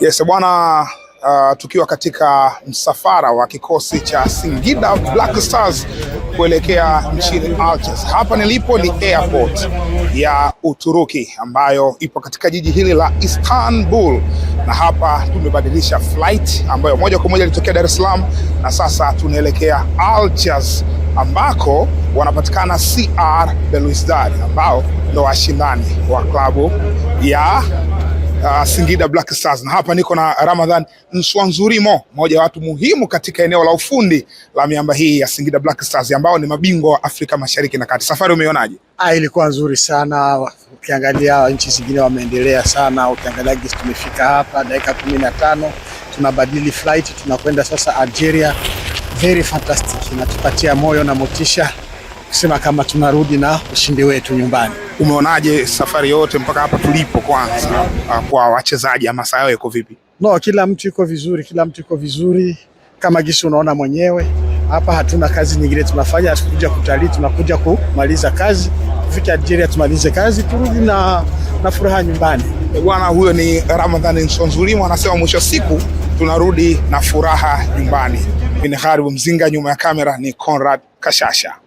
Yes bwana, uh, tukiwa katika msafara wa kikosi cha Singida Black Stars kuelekea nchini Algiers. Hapa nilipo ni airport ya Uturuki ambayo ipo katika jiji hili la Istanbul, na hapa tumebadilisha flight ambayo moja kwa moja ilitokea Dar es Salaam na sasa tunaelekea Algiers ambako wanapatikana CR Belouizdad ambao ndo washindani wa klabu ya uh, Singida Black Stars, na hapa niko na Ramadhan Nswanzurimo, mmoja wa watu muhimu katika eneo la ufundi la miamba hii ya Singida Black Stars ambao ni mabingwa wa Afrika Mashariki na Kati. Safari umeionaje? Ah, ilikuwa nzuri sana. Ukiangalia nchi zingine wameendelea sana, ukiangalia gesi, tumefika hapa dakika kumi na tano tunabadili flight tunakwenda sasa Algeria. Very fantastic, inatupatia moyo na motisha kusema kama tunarudi na ushindi wetu nyumbani. Umeonaje safari yote mpaka hapa tulipo? Kwanza ah, kwa wachezaji, hamasa yao iko vipi? No, kila mtu yuko vizuri, kila mtu yuko vizuri kama gisi unaona mwenyewe hapa. Hatuna kazi nyingine tunafanya, hatukuja kutalii, tunakuja kumaliza kazi, kufika Algeria tumalize kazi, turudi na, na furaha nyumbani. Bwana huyo ni Ramadhani Nsonzulimo anasema mwisho siku tunarudi na furaha nyumbani. Minharibu Mzinga, nyuma ya kamera ni Conrad Kashasha.